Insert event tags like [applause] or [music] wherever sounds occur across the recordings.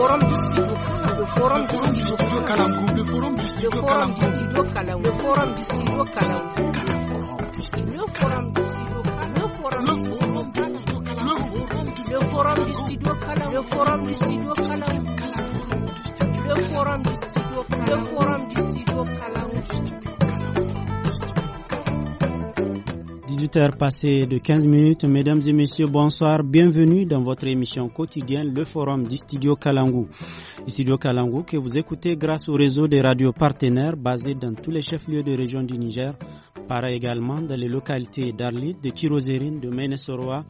forum forum, the forum forum, the forum, the forum forum, the forum, the forum forum, the forum, the forum forum, the forum, the forum forum, the forum, the forum the forum, the forum the forum, the forum forum, the forum district 18h de 15 minutes. Mesdames et messieurs, bonsoir. Bienvenue dans votre émission quotidienne, le forum du studio Kalangou. Le studio Kalangou que vous écoutez grâce au réseau des radios partenaires basés dans tous les chefs-lieux de région du Niger. Pareil également dans les localités d'Arlit, de Tirozérine, de Menesoroa,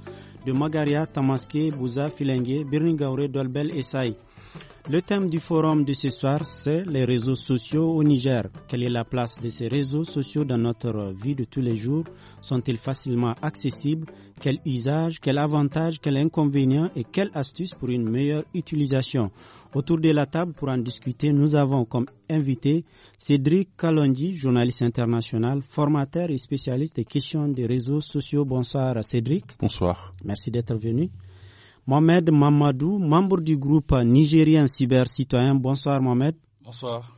de Magaria, Tamaské, Bouza, Filengue, Birningaure, Dolbel et Saï. Le thème du forum de ce soir, c'est les réseaux sociaux au Niger. Quelle est la place de ces réseaux sociaux dans notre vie de tous les jours Sont-ils facilement accessibles Quel usage, quel avantage, quel inconvénient et quelle astuce pour une meilleure utilisation Autour de la table pour en discuter, nous avons comme invité Cédric Kalondi, journaliste international, formateur et spécialiste des questions des réseaux sociaux. Bonsoir à Cédric. Bonsoir. Merci d'être venu. Mohamed Mamadou, membre du groupe nigérien cyber citoyen. Bonsoir Mohamed. Bonsoir.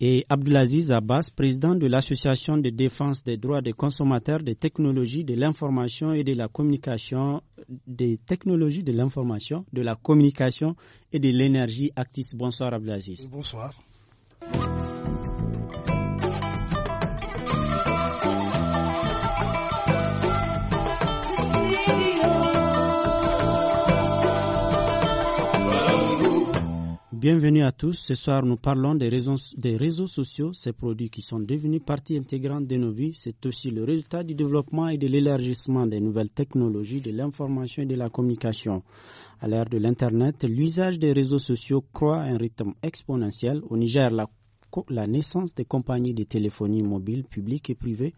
Et Abdelaziz Abbas, président de l'Association de défense des droits des consommateurs des technologies de l'information et de la communication, des technologies de l'information, de la communication et de l'énergie Actis. Bonsoir Abdelaziz. Bonsoir. bienvenue à tous. Ce soir, nous parlons des, réseaux sociaux, ces produits qui sont devenus partie intégrante de nos vies. C'est aussi le résultat du développement et de l'élargissement des nouvelles technologies de l'information et de la communication. À l'ère de l'Internet, l'usage des réseaux sociaux croît à un rythme exponentiel. Au Niger, la la naissance des compagnies de téléphonie mobile publique et privée,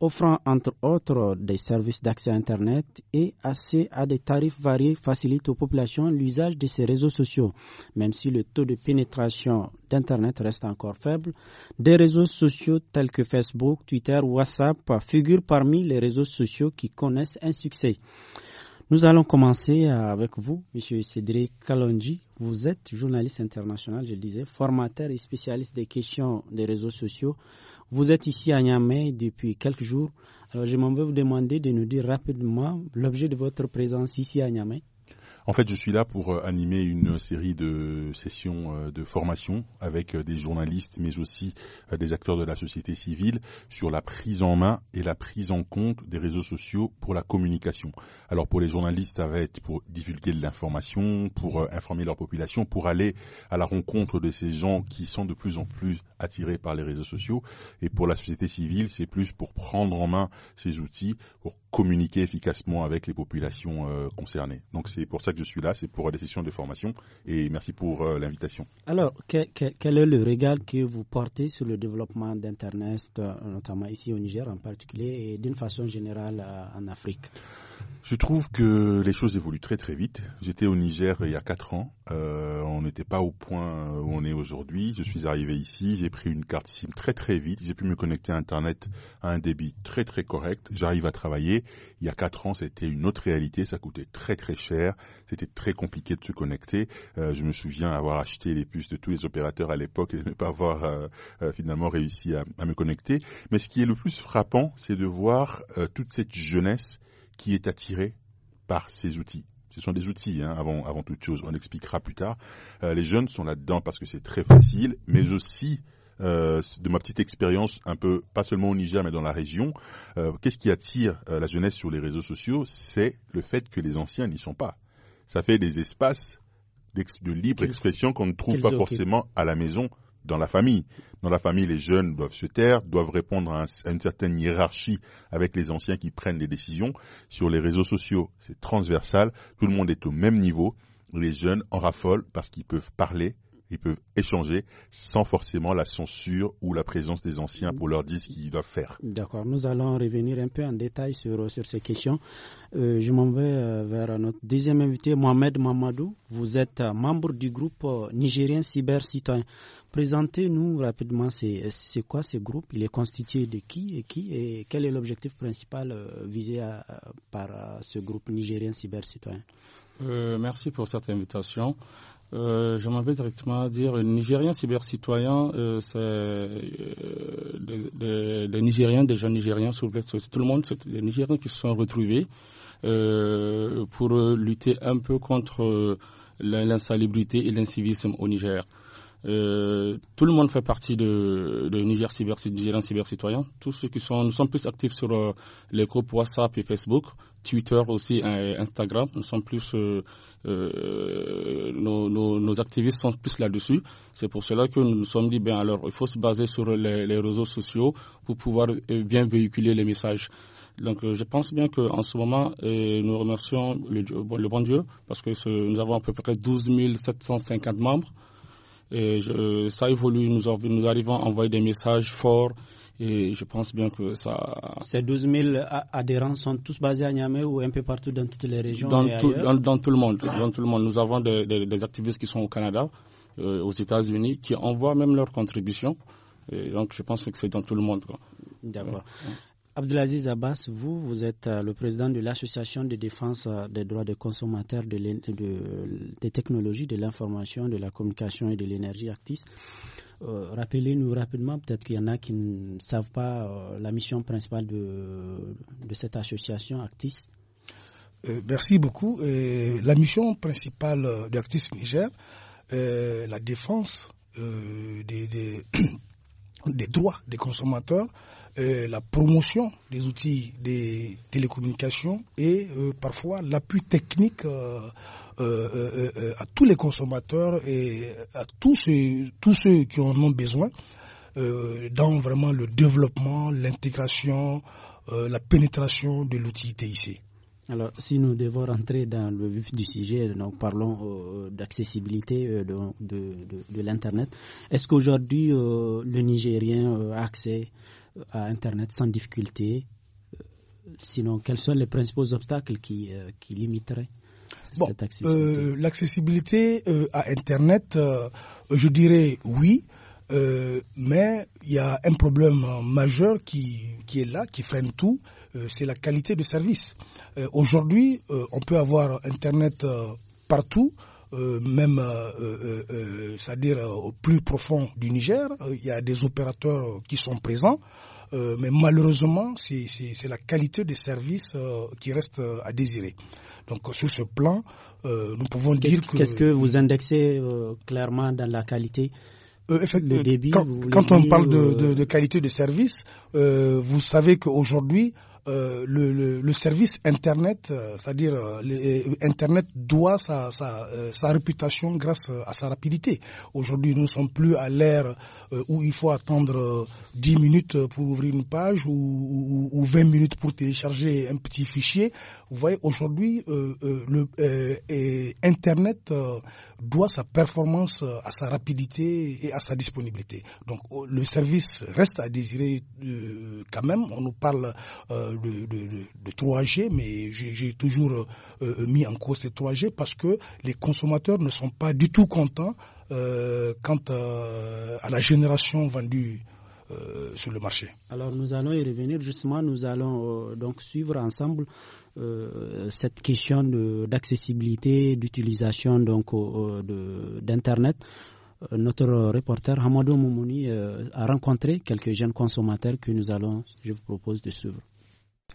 offrant entre autres des services d'accès à Internet et accès à des tarifs variés facilite aux populations l'usage de ces réseaux sociaux. Même si le taux de pénétration d'Internet reste encore faible, des réseaux sociaux tels que Facebook, Twitter, WhatsApp figurent parmi les réseaux sociaux qui connaissent un succès. Nous allons commencer avec vous, Monsieur Cédric Kalonji. Vous êtes journaliste international, je disais, formateur et spécialiste des questions des réseaux sociaux. Vous êtes ici à Niamey depuis quelques jours. Alors, je m'en vais vous demander de nous dire rapidement l'objet de votre présence ici à Niamey. En fait, je suis là pour euh, animer une série de sessions euh, de formation avec euh, des journalistes, mais aussi des acteurs de la société civile sur la prise en main et la prise en compte des réseaux sociaux pour la communication. Alors pour les journalistes, ça va être pour divulguer de l'information, pour informer leur population, pour aller à la rencontre de ces gens qui sont de plus en plus attirés par les réseaux sociaux. Et pour la société civile, c'est plus pour prendre en main ces outils, pour communiquer efficacement avec les populations euh, concernées. Donc c'est pour ça que je suis là, c'est pour la sessions de formation et merci pour euh, l'invitation. Alors, quel est le régal que vous portez sur le développement d'Internet, euh, notamment ici au Niger en particulier et d'une façon générale en Afrique je trouve que les choses évoluent très très vite. J'étais au Niger il y a quatre ans. Euh, on n'était pas au point euh, où on est aujourd'hui. Je suis arrivé ici, j'ai pris une carte SIM très très vite. J'ai pu me connecter à Internet à un débit très très correct. J'arrive à travailler. Il y a quatre ans, c'était une autre réalité. Ça coûtait très très cher. C'était très compliqué de se connecter. Euh, je me souviens avoir acheté les puces de tous les opérateurs à l'époque et ne pas avoir finalement réussi à, me connecter. Mais ce qui est le plus frappant, c'est de voir toute cette jeunesse qui est attiré par ces outils. Ce sont des outils, hein, avant, toute chose, on expliquera plus tard. Euh, les jeunes sont là-dedans parce que c'est très facile, mais aussi euh, de ma petite expérience, un peu pas seulement au Niger mais dans la région, euh, qu'est-ce qui attire la jeunesse sur les réseaux sociaux C'est le fait que les anciens n'y sont pas. Ça fait des espaces de libre expression qu'on ne trouve pas forcément à la maison dans la famille. Dans la famille, les jeunes doivent se taire, doivent répondre à, une certaine hiérarchie avec les anciens qui prennent les décisions. Sur les réseaux sociaux, c'est transversal, tout le monde est au même niveau. Les jeunes en raffolent parce qu'ils peuvent parler, ils peuvent échanger sans forcément la censure ou la présence des anciens pour leur dire ce qu'ils doivent faire. D'accord, nous allons revenir un peu en détail sur, ces questions. Euh, je m'en vais euh, vers notre deuxième invité, Mohamed Mamadou. Vous êtes euh, membre du groupe nigérien Cyber Citoyen. Présentez-nous rapidement, c'est quoi ce groupe Il est constitué de qui et qui Et quel est l'objectif principal visé par ce groupe nigérien Cyber Citoyen Merci pour cette invitation. Euh, je m'en vais directement à dire Nigériens cybercitoyens, euh, c'est des, euh, des, des, Nigériens, des jeunes Nigériens, c'est tout le monde, c'est des Nigériens qui se sont retrouvés pour lutter un peu contre l'insalubrité et l'incivisme au Niger. Euh, tout le monde fait partie de, Niger Cyber, Citoyen. Tous ceux qui sont, nous sommes plus actifs sur euh, les groupes WhatsApp et Facebook, Twitter aussi, Instagram. Nous sommes plus, euh, nos, activistes sont plus là-dessus. C'est pour cela que nous nous sommes dit, ben alors, il faut se baser sur les, réseaux sociaux pour pouvoir bien véhiculer les messages. Donc je pense bien qu'en ce moment, nous remercions le, bon Dieu parce que nous avons à peu près 12 750 membres. Et je, ça évolue. Nous, nous arrivons à envoyer des messages forts. Et je pense bien que ça. Ces 12 000 adhérents sont tous basés à Niamey ou un peu partout dans toutes les régions Dans, tout, dans, tout, le monde, dans tout le monde. Nous avons des, des, activistes qui sont au Canada, euh, aux États-Unis, qui envoient même leurs contributions. Et donc je pense que c'est dans tout le monde. D'accord. Abdelaziz Abbas, vous, vous êtes euh, le président de l'Association de défense euh, des droits des consommateurs de des technologies de l'information, de la communication et de l'énergie Actis. Euh, rappelez-nous rapidement, peut-être qu'il y en a qui ne savent pas la mission principale de, de cette association Actis. merci beaucoup. la mission principale de ACTIS Niger, la défense des, [clears throat] des droits des consommateurs, euh, la promotion des outils des télécommunications et euh, parfois l'appui technique euh, à tous les consommateurs et à tous ceux, tous ceux qui en ont besoin dans vraiment le développement, l'intégration, la pénétration de l'outil TIC. Alors, si nous devons rentrer dans le vif du sujet, nous parlons euh, d'accessibilité euh, de, l'Internet. Est-ce qu'aujourd'hui, euh, le Nigérien a accès à Internet sans difficulté Sinon, quels sont les principaux obstacles qui, qui limiteraient cette accessibilité L'accessibilité à Internet, je dirais oui. Euh, mais il y a un problème majeur qui, qui est là, qui freine tout, euh, c'est la qualité de service. Euh, aujourd'hui, on peut avoir Internet partout. même, c'est-à-dire au plus profond du Niger, il y a des opérateurs qui sont présents, mais malheureusement, c'est la qualité des service qui reste à désirer. Donc sur ce plan, nous pouvons dire que... Qu'est-ce que vous indexez clairement dans la qualité euh, euh, quand, on parle euh, de, qualité de service, vous savez qu'aujourd'hui, euh, le, service Internet, euh, c'est-à-dire euh, Internet doit sa, réputation grâce à sa rapidité. Aujourd'hui, nous ne sommes plus à l'ère où il faut attendre 10 minutes pour ouvrir une page ou, ou 20 minutes pour télécharger un petit fichier. Vous voyez, aujourd'hui, Internet doit sa performance à sa rapidité et à sa disponibilité. Donc, oh, le service reste à désirer quand même. On nous parle de 3G, mais j'ai toujours euh, euh, mis en cause ces 3G parce que les consommateurs ne sont pas du tout contents euh, quant à, la génération vendue. sur le marché. Alors nous allons y revenir justement, nous allons donc suivre ensemble cette question d'accessibilité, d'utilisation d'Internet. Notre reporter Hamadou Moumouni a rencontré quelques jeunes consommateurs que nous allons, je vous propose de suivre.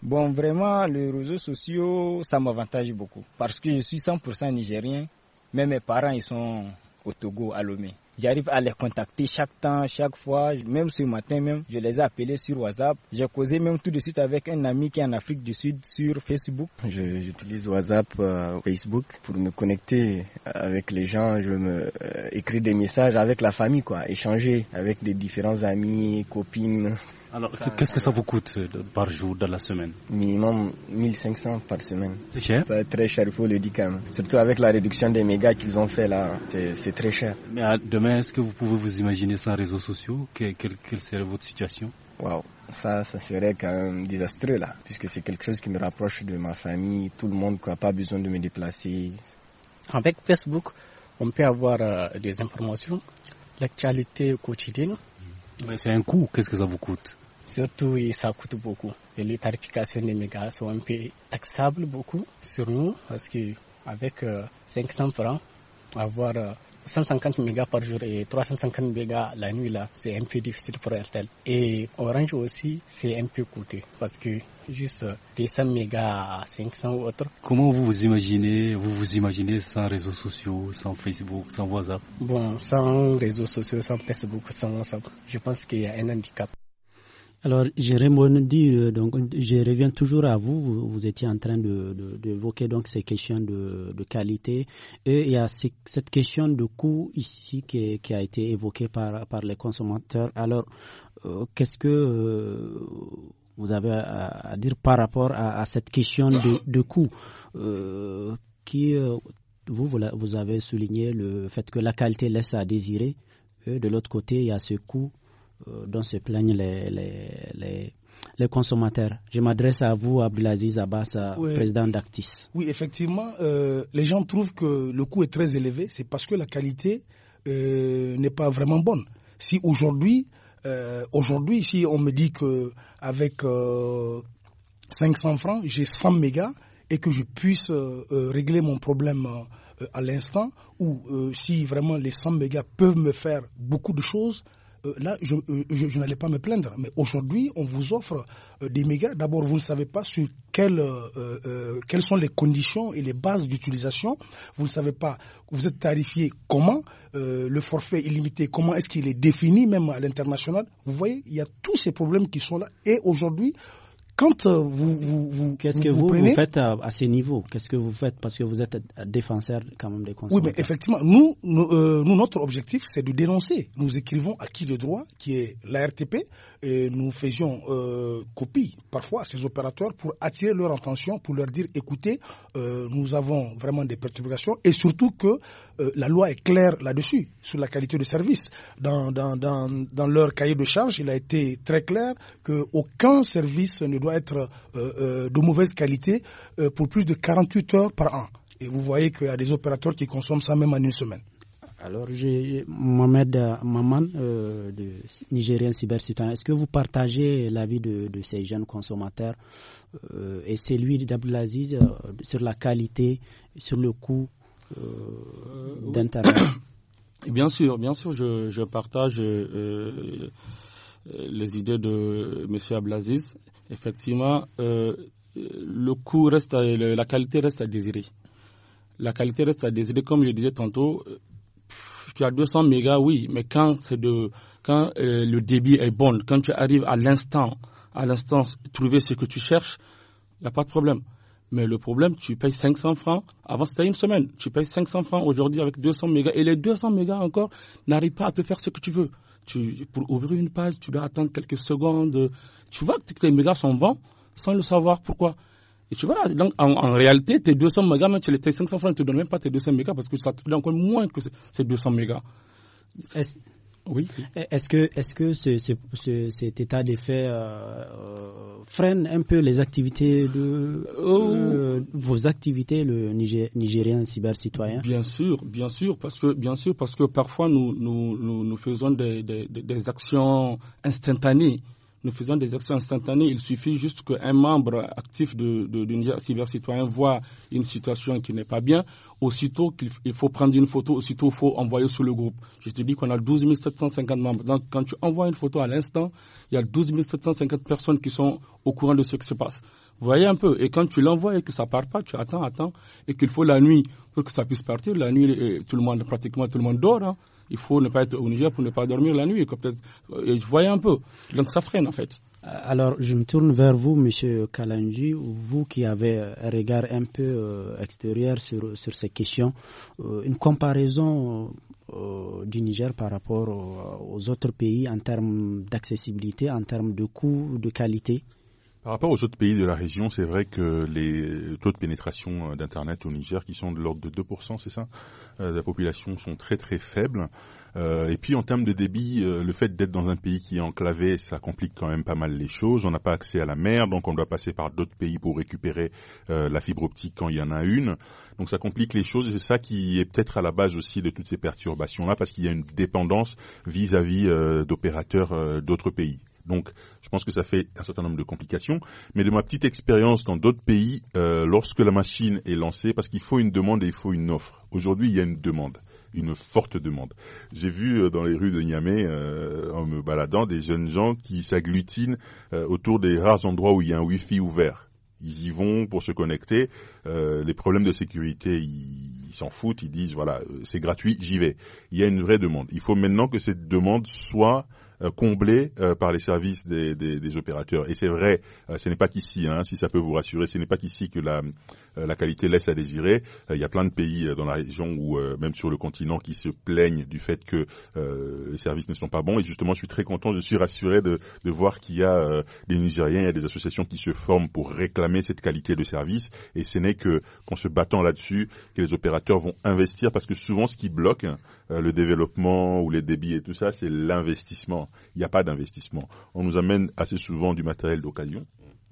Bon, vraiment, les réseaux sociaux, ça m'avantage beaucoup parce que je suis 100% nigérien, mais mes parents, ils sont au Togo, à Lomé. J'arrive à les contacter chaque temps, chaque fois. Même ce matin même, je les ai appelés sur WhatsApp. J'ai causé même tout de suite avec un ami qui est en Afrique du Sud sur Facebook. J'utilise WhatsApp, euh, Facebook pour me connecter avec les gens. Je me euh, écris des messages avec la famille, quoi. Échanger avec des différents amis, copines. Alors, qu'est-ce que ça vous coûte euh, par jour dans la semaine Minimum 1500 par semaine. C'est cher C'est très cher, il faut le dire quand même. Surtout avec la réduction des mégas qu'ils ont fait là, c'est très cher. Mais demain, mais est-ce que vous pouvez vous imaginer sans réseaux sociaux quelle, serait votre situation Waouh, ça, ça serait quand même désastreux là, puisque c'est quelque chose qui me rapproche de ma famille, tout le monde n'a pas besoin de me déplacer. Avec Facebook, on peut avoir euh, des informations, l'actualité quotidienne. Mm. Mais c'est un coût, qu'est-ce que ça vous coûte Surtout, ça coûte beaucoup. Et les tarifications des mégas sont un peu taxables beaucoup sur nous, parce que avec 500 euh, francs, avoir euh, 150 mégas par jour et 350 mégas la nuit là, c'est un peu difficile pour RTL. Et Orange aussi, c'est un peu coûté parce que juste des 100 mégas à 500 ou autre. Comment vous vous imaginez Vous vous imaginez sans réseaux sociaux, sans Facebook, sans WhatsApp Bon, sans réseaux sociaux, sans Facebook, sans WhatsApp, je pense qu'il y a un handicap. Alors, je dire euh, donc, je reviens toujours à vous. Vous, étiez en train d'évoquer de, donc ces questions de, qualité. Et il y a cette question de coût ici qui, a été évoquée par, par les consommateurs. Alors, euh, qu'est-ce que euh, vous avez à, dire par rapport à, cette question de, coût qui, vous, vous avez souligné le fait que la qualité laisse à désirer. de l'autre côté, il y a ce coût euh, dont se plaignent les, consommateurs. Je m'adresse à vous, Abdelaziz Abbas, euh, président d'Actis. Oui, effectivement, euh, les gens trouvent que le coût est très élevé. C'est parce que la qualité n'est pas vraiment bonne. Si aujourd'hui, aujourd'hui, si on me dit que avec 500 francs, j'ai 100 mégas et que je puisse régler mon problème à l'instant, ou si vraiment les 100 mégas peuvent me faire beaucoup de choses, euh, là, euh, je, n'allais pas me plaindre, mais aujourd'hui, on vous offre euh, des mégas. D'abord, vous ne savez pas sur quelles, quelles sont les conditions et les bases d'utilisation. Vous ne savez pas, vous êtes tarifié comment, le forfait illimité, comment est-ce qu'il est défini même à l'international. Vous voyez, il y a tous ces problèmes qui sont là. Et aujourd'hui, quand euh, vous, vous, vous qu'est-ce que vous, faites à, ces niveaux Qu'est-ce que vous faites parce que vous êtes défenseur quand même des consommateurs Oui, mais effectivement, nous, euh, nous, notre objectif, c'est de dénoncer. Nous écrivons à qui de droit, qui est l'ARTP, et nous faisions euh, copie parfois à ces opérateurs pour attirer leur attention, pour leur dire écoutez, euh, nous avons vraiment des perturbations et surtout que euh, la loi est claire là-dessus sur la qualité de service. Dans, dans, dans, dans leur cahier de charge, il a été très clair que aucun service ne doit être euh, euh, de mauvaise qualité euh, pour plus de 48 heures par an. Et vous voyez qu'il y a des opérateurs qui consomment ça même en une semaine. Alors, j'ai Mohamed Maman, euh, de Nigérien Cybercitoyen, est-ce que vous partagez l'avis de, ces jeunes consommateurs et celui d'Abdelaziz sur la qualité, sur le coût d'Internet [coughs] Bien sûr, bien sûr, je partage euh, les idées de M. Ablaziz, effectivement, euh, le coût reste, la qualité reste à désirer. La qualité reste à désirer, comme je disais tantôt, euh, tu as 200 mégas, oui, mais quand, de, quand le débit est bon, quand tu arrives à l'instant, à l'instant trouver ce que tu cherches, il n'y a pas de problème. Mais le problème, tu payes 500 francs. Avant, c'était une semaine. Tu payes 500 francs aujourd'hui avec 200 mégas. Et les 200 mégas encore n'arrivent pas à te faire ce que tu veux. Tu, pour ouvrir une page, tu dois attendre quelques secondes. Tu vois que les mégas sont bons sans le savoir. Pourquoi Et tu vois, donc en, réalité, tes 200 mégas, même tes 500 francs, ne te donnent même pas tes 200 mégas parce que ça te donne encore moins que ces 200 mégas. Oui. Est-ce que, est-ce que ce, cet état de faits euh, euh, freine un peu les activités de euh, oh. euh, vos activités, le Niger, cyber-citoyen Bien sûr, bien sûr, parce que bien sûr parce que parfois nous nous, nous, faisons des, des, des actions instantanées nous faisons des actions instantanées. Il suffit juste qu'un membre actif de, de, Citoyen voit une situation qui n'est pas bien. Aussitôt qu'il faut prendre une photo, aussitôt il faut envoyer sur le groupe. Je te dis qu'on a 12 750 membres. Donc quand tu envoies une photo à l'instant, il y a 12 750 personnes qui sont au courant de ce qui se passe. voyez un peu. Et quand tu l'envoies et que ça part pas, tu attends, attends, et qu'il faut la nuit pour que ça puisse partir. La nuit, euh, tout le monde, pratiquement tout le monde dort. Hein il faut ne pas être au Niger pour ne pas dormir la nuit. je voyais un peu. Donc ça freine en fait. Euh, alors, je me tourne vers vous, Monsieur Kalanji, vous qui avez un regard un peu euh, extérieur sur, sur ces questions. Euh, une comparaison du Niger par rapport aux autres pays en termes d'accessibilité, en termes de coût, de qualité par rapport aux autres pays de la région, c'est vrai que les taux de pénétration euh, d'Internet au Niger, qui sont de l'ordre de 2%, c'est ça, euh, la population, sont très très faibles. Euh, et puis en termes de débit, le fait d'être dans un pays qui est enclavé, ça complique quand même pas mal les choses. On n'a pas accès à la mer, donc on doit passer par d'autres pays pour récupérer la fibre optique quand il y en a une. Donc ça complique les choses et c'est ça qui est peut-être à la base aussi de toutes ces perturbations-là, parce qu'il y a une dépendance vis-à-vis d'opérateurs d'autres pays. Donc, je pense que ça fait un certain nombre de complications. Mais de ma petite expérience dans d'autres pays, euh, lorsque la machine est lancée, parce qu'il faut une demande et il faut une offre. Aujourd'hui, il y a une demande une forte demande. J'ai vu euh, dans les rues de Niamey, euh, en me baladant, des jeunes gens qui s'agglutinent autour des rares endroits où il y a un Wi-Fi ouvert. Ils y vont pour se connecter. les problèmes de sécurité, ils s'en foutent. Ils disent, voilà, c'est gratuit, j'y vais. Il y a une vraie demande. Il faut maintenant que cette demande soit euh, comblés euh, par les services des, des, opérateurs. Et c'est vrai, euh, ce n'est pas qu'ici, hein, si ça peut vous rassurer, ce n'est pas qu'ici que la, euh, la qualité laisse à désirer. Euh, il y a plein de pays euh, dans la région ou même sur le continent qui se plaignent du fait que les services ne sont pas bons. Et justement, je suis très content, je suis rassuré de, de voir qu'il y a des Nigériens, il y a des associations qui se forment pour réclamer cette qualité de service. Et ce n'est que qu'en se battant là-dessus que les opérateurs vont investir parce que souvent ce qui bloque le développement ou les débits et tout ça, c'est l'investissement. Il n'y a pas d'investissement. On nous amène assez souvent du matériel d'occasion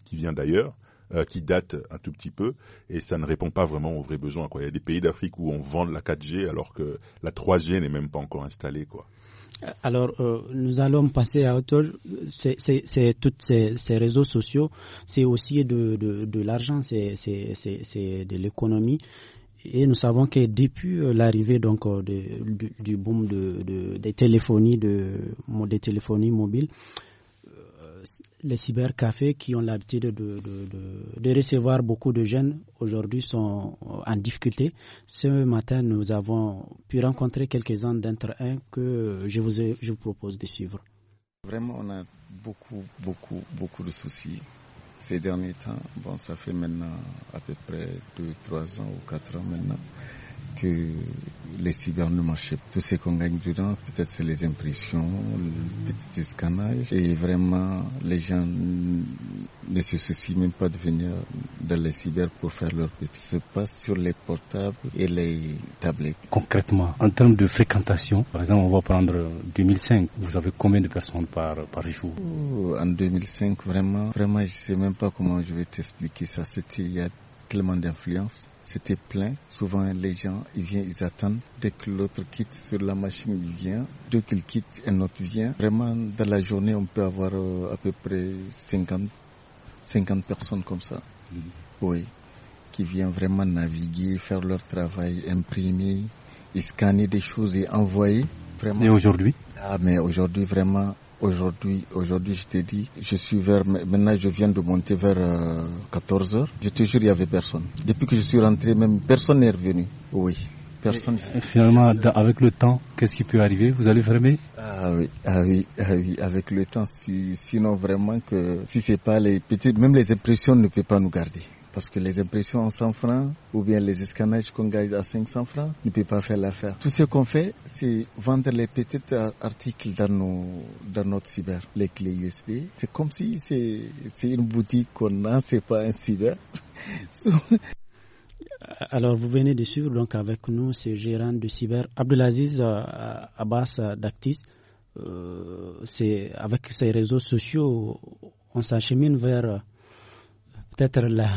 qui vient d'ailleurs. Euh, qui date un tout petit peu et ça ne répond pas vraiment aux vrais besoins. Il y a des pays d'Afrique où on vend la 4G alors que la 3G n'est même pas encore installée. Alors, euh, nous allons passer à autre. C'est tous ces, réseaux sociaux, c'est aussi de, l'argent, c'est de l'économie. Et nous savons que depuis euh, l'arrivée du, boom des téléphonies, des téléphonies mobiles, les cybercafés qui ont l'habitude de, recevoir beaucoup de jeunes aujourd'hui sont en difficulté. Ce matin, nous avons pu rencontrer quelques-uns d'entre eux que je vous, je vous propose de suivre. Vraiment, on a beaucoup, beaucoup, beaucoup de soucis ces derniers temps. Bon, ça fait maintenant à peu près 2, 3 ans ou 4 ans maintenant que les ne pas. Tout ce qu'on gagne dedans, peut-être c'est les impressions, le petit scannage. Et vraiment, les gens ne se soucient même pas de venir dans les cyber pour faire leur petit. Se passe sur les portables et les tablettes. Concrètement, en termes de fréquentation, par exemple, on va prendre 2005. Vous avez combien de personnes par, par jour oh, En 2005, vraiment, vraiment, je sais même pas comment je vais t'expliquer ça. C'était il y a tellement d'influence. C'était plein. Souvent, les gens, ils viennent, ils attendent. Dès que l'autre quitte sur la machine, il vient. Dès qu'il quitte, un autre vient. Vraiment, dans la journée, on peut avoir euh, à peu près 50, 50 personnes comme ça. Mm-hmm. Oui. Qui viennent vraiment naviguer, faire leur travail, imprimer, scanner des choses et envoyer. Vraiment. Et aujourd'hui? Ah, mais aujourd'hui, vraiment, Aujourd'hui, aujourd'hui, je t'ai dit, je suis vers, maintenant je viens de monter vers 14 euh, heures. Je te jure, il n'y avait personne. Depuis que je suis rentré, même personne n'est revenu. Oui. Personne. finalement, avec le temps, qu'est-ce qui peut arriver Vous allez fermer ah oui, ah oui, ah oui, avec le temps, sinon vraiment que si c'est pas les petites, même les impressions ne peuvent pas nous garder. Parce que les impressions en 100 francs ou bien les escanages qu'on gagne à 500 francs ne peut pas faire l'affaire. Tout ce qu'on fait, c'est vendre les petits articles dans, nos, dans notre cyber, les clés USB. C'est comme si c'est une boutique qu'on a, c'est pas un cyber. [laughs] Alors, vous venez de suivre donc avec nous ce gérant de cyber, Abdelaziz euh, Abbas Dactis. Euh, c'est avec ses réseaux sociaux, on s'achemine vers euh, peut-être la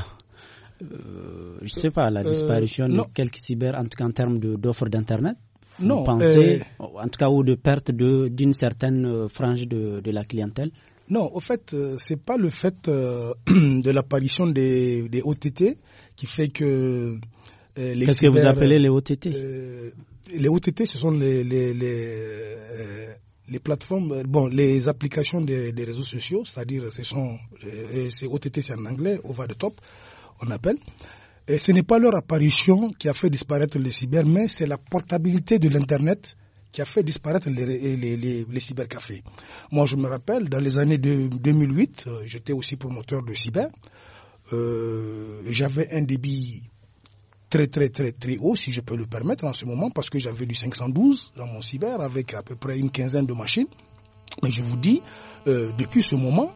euh, je ne sais pas, la euh, disparition de quelques cyber, en tout cas en termes d'offres d'Internet non, euh, en tout cas, ou de perte d'une certaine frange de, la clientèle Non, au fait, ce n'est pas le fait [clears throat] de l'apparition des, OTT qui fait que les. Qu'est-ce que vous appelez les OTT Les OTT, ce sont les, les, plateformes, bon, les applications des, réseaux sociaux, c'est-à-dire, ce sont, c'est OTT, c'est en anglais, over de top on appelle. Et ce n'est pas leur apparition qui a fait disparaître les cyber, mais c'est la portabilité de l'Internet qui a fait disparaître les, cybercafés. Moi, je me rappelle, dans les années 2008, euh, j'étais aussi promoteur de cyber. Euh, j'avais un débit très, très, très, très haut, si je peux le permettre, en ce moment, parce que j'avais du 512 dans mon cyber, avec à peu près une quinzaine de machines. Et je vous dis, euh, depuis ce moment,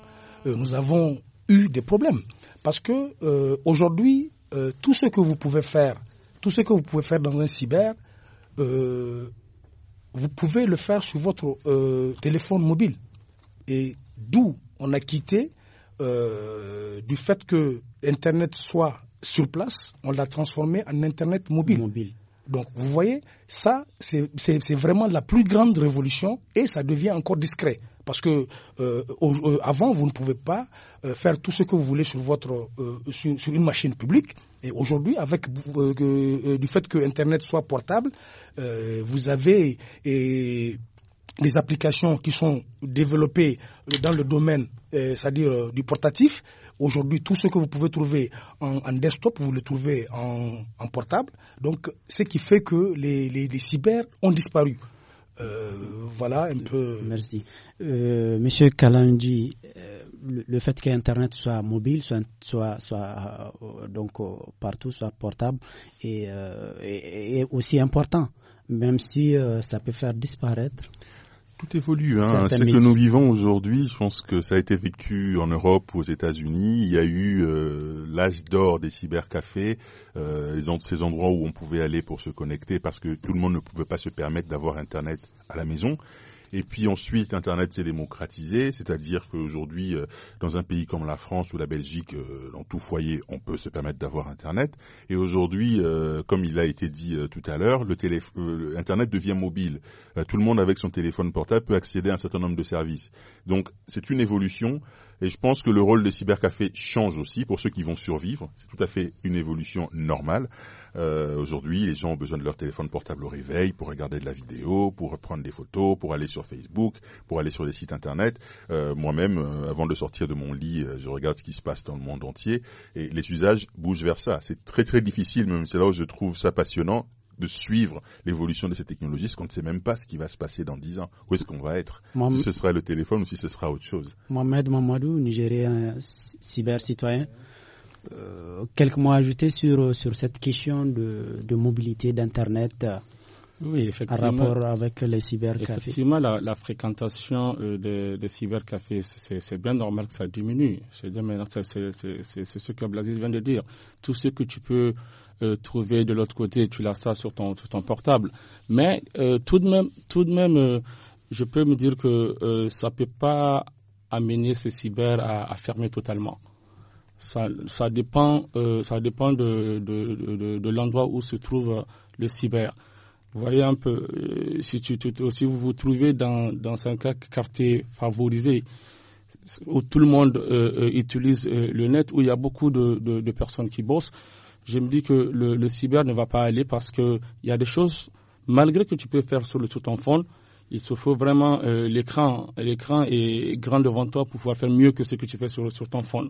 nous avons eu des problèmes. Parce que euh, aujourd'hui, euh, tout ce que vous pouvez faire, tout ce que vous pouvez faire dans un cyber, euh, vous pouvez le faire sur votre téléphone mobile. Et d'où on a quitté du fait que Internet soit sur place, on l'a transformé en Internet mobile. mobile. Donc, vous voyez, ça, c'est vraiment la plus grande révolution et ça devient encore discret. Parce que euh, euh, avant, vous ne pouvez pas euh, faire tout ce que vous voulez sur, votre, sur, une machine publique. Et aujourd'hui, avec du fait que Internet soit portable, vous avez des les applications qui sont développées dans le domaine, c'est-à-dire du portatif. Aujourd'hui, tout ce que vous pouvez trouver en, desktop, vous le trouvez en, portable. Donc, ce qui fait que les cyber ont disparu. Euh, voilà un peu. Merci. Euh, Monsieur Kalandi, euh, le, fait que qu'Internet soit mobile, soit, soit, soit donc partout, soit portable, est aussi important, même si ça peut faire disparaître tout évolue. Hein. C'est que nous vivons aujourd'hui, je pense que ça a été vécu en Europe, aux États-Unis. Il y a eu euh, l'âge d'or des cybercafés, euh, ces endroits où on pouvait aller pour se connecter parce que tout le monde ne pouvait pas se permettre d'avoir Internet à la maison. Et puis ensuite, Internet s'est démocratisé, c'est-à-dire qu'aujourd'hui, euh, dans un pays comme la France ou la Belgique, euh, dans tout foyer, on peut se permettre d'avoir Internet. Et aujourd'hui, euh, comme il a été dit tout à l'heure, le Internet devient mobile. Tout le monde avec son téléphone portable peut accéder à un certain nombre de services. Donc c'est une évolution. Et je pense que le rôle des cybercafés change aussi pour ceux qui vont survivre. C'est tout à fait une évolution normale. Euh, aujourd'hui, les gens ont besoin de leur téléphone portable au réveil pour regarder de la vidéo, pour prendre des photos, pour aller sur Facebook, pour aller sur des sites internet. Euh, moi-même, euh, avant de sortir de mon lit, je regarde ce qui se passe dans le monde entier. Et les usages bougent vers ça. C'est très très difficile, même c'est là où je trouve ça passionnant, de suivre l'évolution de ces technologies, parce qu'on ne sait même pas ce qui va se passer dans 10 ans, où est-ce qu'on va être, si ce sera le téléphone ou si ce sera autre chose. Mohamed Mamadou, Nigérien cyber-citoyen, euh, quelques mots ajoutés sur, euh, sur cette question de, de mobilité d'Internet euh, oui, effectivement. En rapport avec les cybercafés. Effectivement, la, fréquentation des, des, cybercafés, c'est bien normal que ça diminue. C'est ce que Blasis vient de dire. Tout ce que tu peux euh, trouver de l'autre côté, tu l'as ça sur ton, sur ton portable. Mais euh, tout de même, tout de même euh, je peux me dire que euh, ça ne peut pas amener ces cyber à, à fermer totalement. Ça, ça dépend, ça dépend de, de, de, de l'endroit où se trouve le cyber. Vous voyez un peu, si, tu, si vous vous trouvez dans, dans un quartier favorisé, où tout le monde euh, utilise le net, où il y a beaucoup de, de, de personnes qui bossent, je me dis que le, cyber ne va pas aller parce qu'il y a des choses, malgré que tu peux faire sur, le, sur ton phone, il se faut vraiment euh, l'écran. L'écran est grand devant toi pour pouvoir faire mieux que ce que tu fais sur, sur ton phone.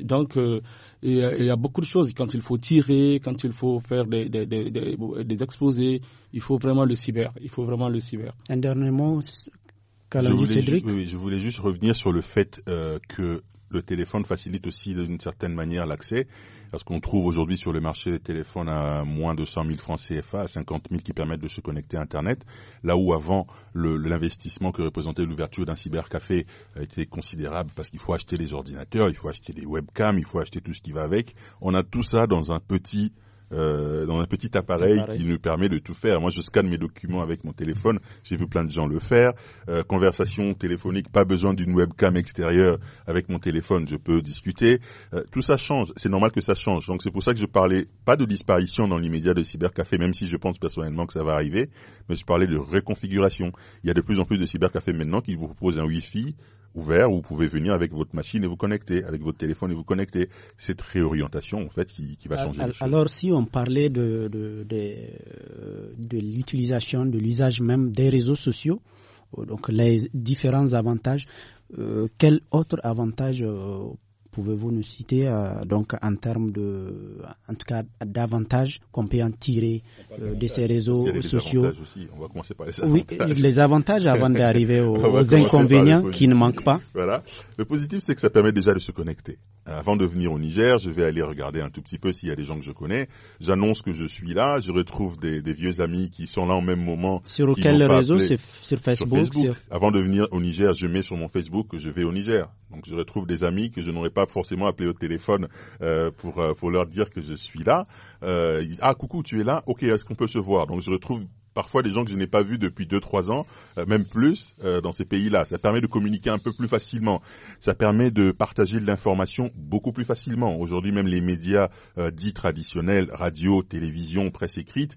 Donc, euh, il y, a beaucoup de choses. Quand il faut tirer, quand il faut faire des, des, exposés, il faut vraiment le cyber. Il faut vraiment le cyber. Un dernier mot, Cédric. Oui, je voulais juste revenir sur le fait euh, que le téléphone facilite aussi d'une certaine manière l'accès, parce qu'on trouve aujourd'hui sur le marché des téléphones à moins de 100 000 francs CFA, à 50 000 qui permettent de se connecter à Internet, là où avant l'investissement que représentait l'ouverture d'un cybercafé euh, était considérable, parce qu'il faut acheter les ordinateurs, il faut acheter des webcams, il faut acheter tout ce qui va avec. On a tout ça dans un petit euh, dans un petit appareil, qui nous permet de tout faire. Moi, je scanne mes documents avec mon téléphone. J'ai vu plein de gens le faire. Euh, conversation téléphonique, pas besoin d'une webcam extérieure. Avec mon téléphone, je peux discuter. Euh, tout ça change. C'est normal que ça change. Donc, c'est pour ça que je parlais pas de disparition dans l'immédiat de cybercafé, même si je pense personnellement que ça va arriver. Mais je parlais de reconfiguration. Il y a de plus en plus de cybercafés maintenant qui vous proposent un Wi-Fi ouvert vous pouvez venir avec votre machine et vous connecter, avec votre téléphone et vous connecter. Cette réorientation, en fait, qui, va changer. Alors, si on parlait de, euh, de, l'utilisation, de l'usage même des réseaux sociaux, euh, donc les différents avantages, euh, quel autre avantage euh, pouvez-vous nous citer euh, donc en termes de, en tout cas, d'avantages qu'on peut en tirer euh, de ces réseaux sociaux les avantages. Oui, les avantages avant [laughs] d'arriver aux, inconvénients qui ne manquent pas. Voilà. Le positif, c'est que ça permet déjà de se connecter. Euh, avant de venir au Niger, je vais aller regarder un tout petit peu s'il y a des gens que je connais. J'annonce que je suis là, je retrouve des, vieux amis qui sont là au même moment. Sur quel réseau Sur Facebook, Facebook. Avant de venir au Niger, je mets sur mon Facebook que je vais au Niger. Donc je retrouve des amis que je n'aurais pas forcément appelé au téléphone euh, euh, pour, leur dire que je suis là. Euh, ah coucou, tu es là Ok, est-ce qu'on peut se voir Donc je retrouve parfois des gens que je n'ai pas vus depuis deux trois ans, euh, même plus, dans ces pays-là. Ça permet de communiquer un peu plus facilement. Ça permet de partager de l'information beaucoup plus facilement. Aujourd'hui, même les médias dits traditionnels, radio, télévision, presse écrite,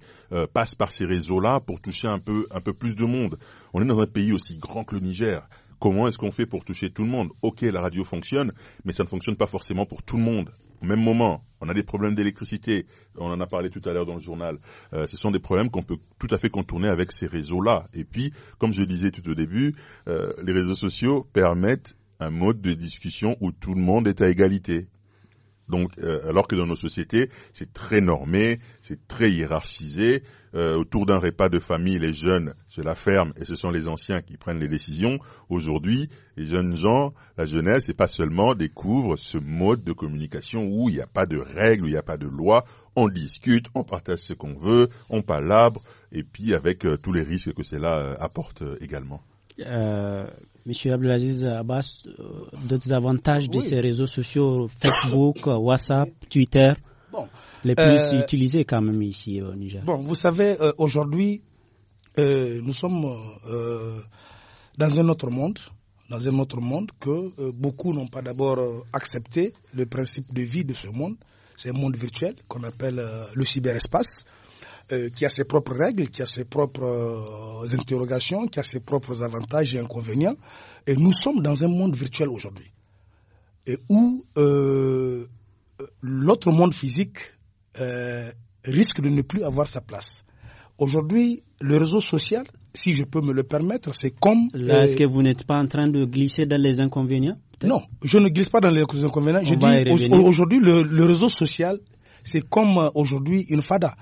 passent par ces réseaux-là pour toucher un peu, un peu plus de monde. On est dans un pays aussi grand que le Niger, Comment est-ce qu'on fait pour toucher tout le monde Ok, la radio fonctionne, mais ça ne fonctionne pas forcément pour tout le monde. Au même moment, on a des problèmes d'électricité, on en a parlé tout à l'heure dans le journal. Euh, ce sont des problèmes qu'on peut tout à fait contourner avec ces réseaux-là. Et puis, comme je le disais tout au début, euh, les réseaux sociaux permettent un mode de discussion où tout le monde est à égalité. Donc, euh, alors que dans nos sociétés, c'est très normé, c'est très hiérarchisé. Euh, autour d'un repas de famille, les jeunes se la ferment et ce sont les anciens qui prennent les décisions. Aujourd'hui, les jeunes gens, la jeunesse, et pas seulement, découvrent ce mode de communication où il n'y a pas de règles, où il n'y a pas de loi. On discute, on partage ce qu'on veut, on palabre, et puis avec euh, tous les risques que cela apporte également. Euh, Monsieur Abdelaziz Abbas, d'autres euh, avantages de ces réseaux sociaux, Facebook, [coughs] WhatsApp, Twitter, les plus euh, utilisés quand même ici au Niger Bon, vous savez, aujourd'hui, nous sommes dans un autre monde dans un autre monde que beaucoup n'ont pas d'abord accepté le principe de vie de ce monde. C'est un monde virtuel qu'on appelle le cyberespace. Euh, qui a ses propres règles, qui a ses propres euh, interrogations, qui a ses propres avantages et inconvénients. Et nous sommes dans un monde virtuel aujourd'hui, et où euh, l'autre monde physique risque de ne plus avoir sa place. Aujourd'hui, le réseau social, si je peux me le permettre, c'est comme... Là, est-ce que vous n'êtes pas en train de glisser dans les inconvénients Non, je ne glisse pas dans les inconvénients. je dis, aujourd'hui, le, réseau social, c'est comme aujourd'hui une fada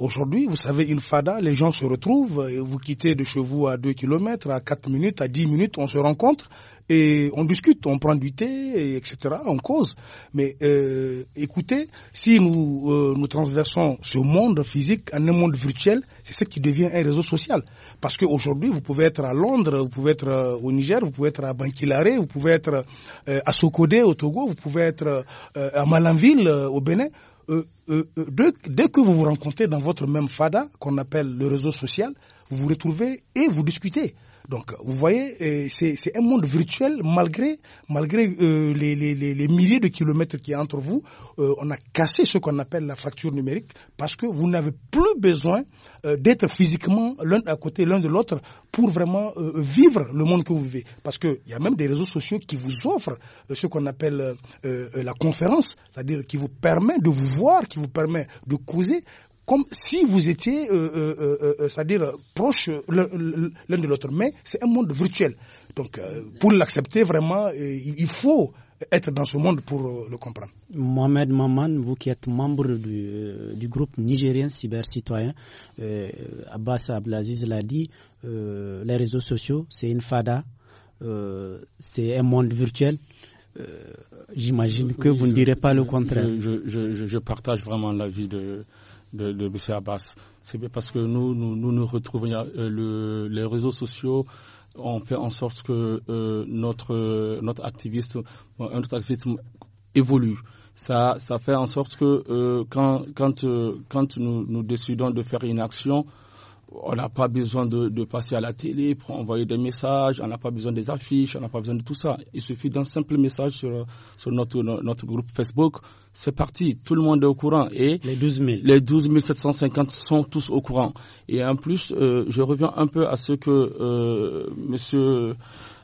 Aujourd'hui, vous savez, une fada, les gens se retrouvent, vous quittez de chez vous à 2 kilomètres, à 4 minutes, à 10 minutes, on se rencontre et on discute, on prend du thé, etc., on cause. Mais euh, écoutez, si nous, euh, nous transversons ce monde physique en un monde virtuel, c'est ce qui devient un réseau social. Parce qu'aujourd'hui, vous pouvez être à Londres, vous pouvez être euh, au Niger, vous pouvez être à Banquilaré, vous pouvez être à Sokodé au Togo, vous pouvez être à Malanville au Bénin. Euh, euh, euh, dès, que vous vous rencontrez dans votre même FADA, qu'on appelle le réseau social, vous vous retrouvez et vous discutez. Donc, vous voyez, euh, c'est un monde virtuel malgré, malgré euh, les, milliers de kilomètres qu'il y a entre vous. Euh, on a cassé ce qu'on appelle la fracture numérique parce que vous n'avez plus besoin d'être physiquement l'un à côté l'un de l'autre pour vraiment vivre le monde que vous vivez. Parce qu'il y a même des réseaux sociaux qui vous offrent ce qu'on appelle la conférence, c'est-à-dire qui vous permet de vous voir, qui vous permet de causer comme si vous étiez, euh, euh, euh, c'est-à-dire proche l'un de l'autre. Mais c'est un monde virtuel. Donc, pour l'accepter vraiment, il faut être dans ce monde pour le comprendre. Mohamed Maman, vous qui êtes membre du, groupe nigérien cybercitoyen, euh, Abbas Ablaziz l'a dit, les réseaux sociaux, c'est une fada, c'est un monde virtuel. J'imagine que vous ne direz pas le contraire. je partage vraiment l'avis de, de, de M. Abbas. C'est parce que nous nous, nous, retrouvons euh, les réseaux sociaux on fait en sorte que euh, notre, euh, notre, activisme, notre activisme évolue. Ça, ça fait en sorte que quand, quand, quand nous, nous, décidons de faire une action, on n'a pas besoin de, de, passer à la télé pour envoyer des messages, on n'a pas besoin des affiches, on n'a pas besoin de tout ça. Il suffit d'un simple message sur, sur notre, notre groupe Facebook. C'est parti, tout le monde est au courant. Et les 12 000. Les 12 750 sont tous au courant. Et en plus, euh, je reviens un peu à ce que euh, monsieur.